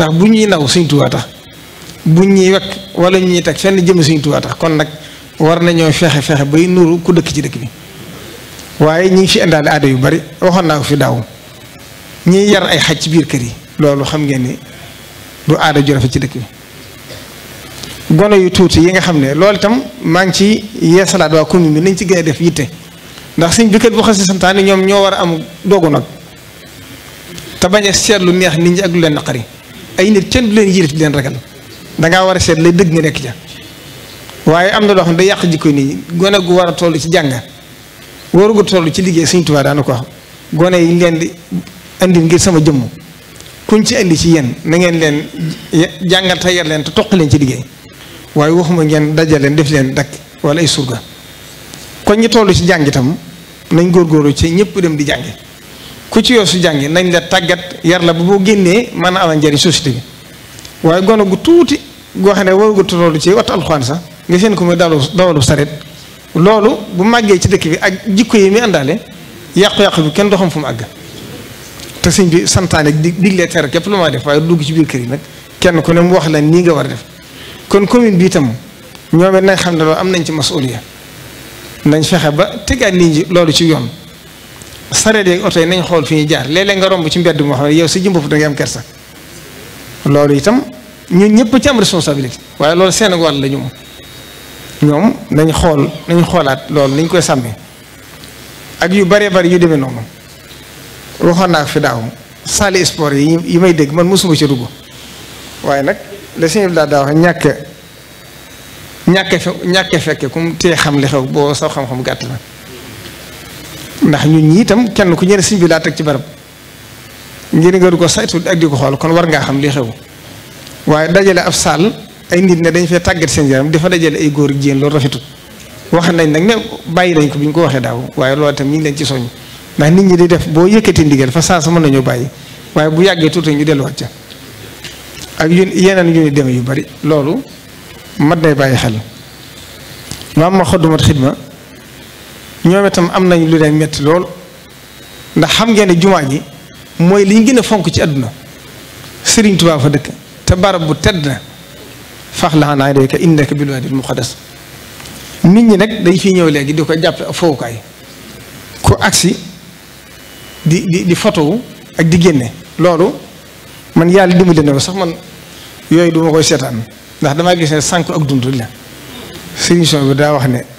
ndax bu ñuy naw suñ Tuubaa tax bu ñuy wekk wala ñuy teg fenn jëm suñ Tuubaa tax kon nag war nañoo fexe fexe bay nuru ku dëkk ci dëkk bi waaye ñi ngi fi indaale aada yu bari waxoon naa ko fi daaw ñiy yar ay xaj ci biir kër yi loolu xam ngeen ni du aada ju rafet ci dëkk bi gone yu tuuti yi nga xam ne loolu tam maa ngi ci yeesalaat waa commune bi nañ ci gën a def yitte ndax suñ bikkat bu xasi santaane ñoom ñoo war a am dogu nag te bañ a lu neex nit ñi ay nit kenn du leen yilif di leen ragal dangaa war a seet lay dëgg nga nekk ca waaye am na loo xam da yàq jikko nii gone gu war a toll ci jàng waru gu toll ci liggéey Sëriñ Tuubaa daana ko gone yi leen di andi ngir sama jëmm kuñ ci indi ci yéen na ngeen leen jàngal te yar toq leen ci liggéey waaye waxuma ngeen dajal leen def leen dakk wala ay surga kon ñi toll ci jàng itam nañ góorgóorlu ci ñëpp dem di jàngi ku ci yow su jàngi nañ la tàggat yar la ba boo génnee mën a amal njëriñ société bi waaye gone gu tuuti goo xam ne warugu tollu ci wattu alxuraan sax nga seen ko muy dalu dawalu saret loolu bu màggee ci dëkk bi ak jikko yi muy àndaale yàqu-yàqu bi kenn doxam fu mu àgg te sëñ bi santaane digg digle ter képp lu ma def waaye dugg ci biir kër yi nag kenn ku ne mu wax la nii nga war a def kon commune bii itam ñoom it nañ xam ne loolu am nañ ci masuliya nañ fexe ba tegaat nit loolu ci yoon sareet yeeg oto yi nañ xool fi ñuy jaar léeg nga romb ci mbedd moo xam ne yow si jëm bopp da am kersa loolu itam ñun ñëpp ci am responsabilité waaye loolu seen wàll la ñu ñoom xool nañ xoolaat loolu nañ koy sàmmee ak yu baree bari yu demee noonu waxoon naa fi daaw salle sport yi yi may dégg man mosuma ci dugg waaye nag la sëñ bi daa daa wax ñàkk ñàkk fe ñàkk fekke kum te xam li xew boo saw xam-xam gàtt la ndax ñun ñi tam kenn ku ñëne sëñ bi la tek ci barab ngir nga du ko saytu ak di ko kon war nga xam li xew waye dajale af sal ay nit ne dañ fee tagat seen yaram difa dajale ay goor jeen lo rafetu wax nañ nak ne bayyi nañ ko bi ko waxe daw waye lo tam ñi ngi leen ci soññ ndax nit ñi di def bo yëkëti ndigal fa sa sama nañu bayyi waye bu yagge tuuti ñu delluwaat ca ak yeneen yu ñu dem yu bari lolu mat day bayyi xel ma ma xoddumat khidma ñoom itam am nañ lu leen metti lool ndax xam ngeen ne jumaa ji mooy liñ gën a fonk ci àdduna Sëriñ Tuubaa fa dëkk te barab bu tedd na fax la naa dee ka indaka bil waadil muqaddas nit ñi nag dañ fiy ñëw léegi di ko jàppe fowukaay ku agsi di di di fotowu ak di génne loolu man yàlla dimbali na sax man yooyu duma koy seetaan ndax damaa gis ne sànq ak dund la sëriñ bi daa wax ne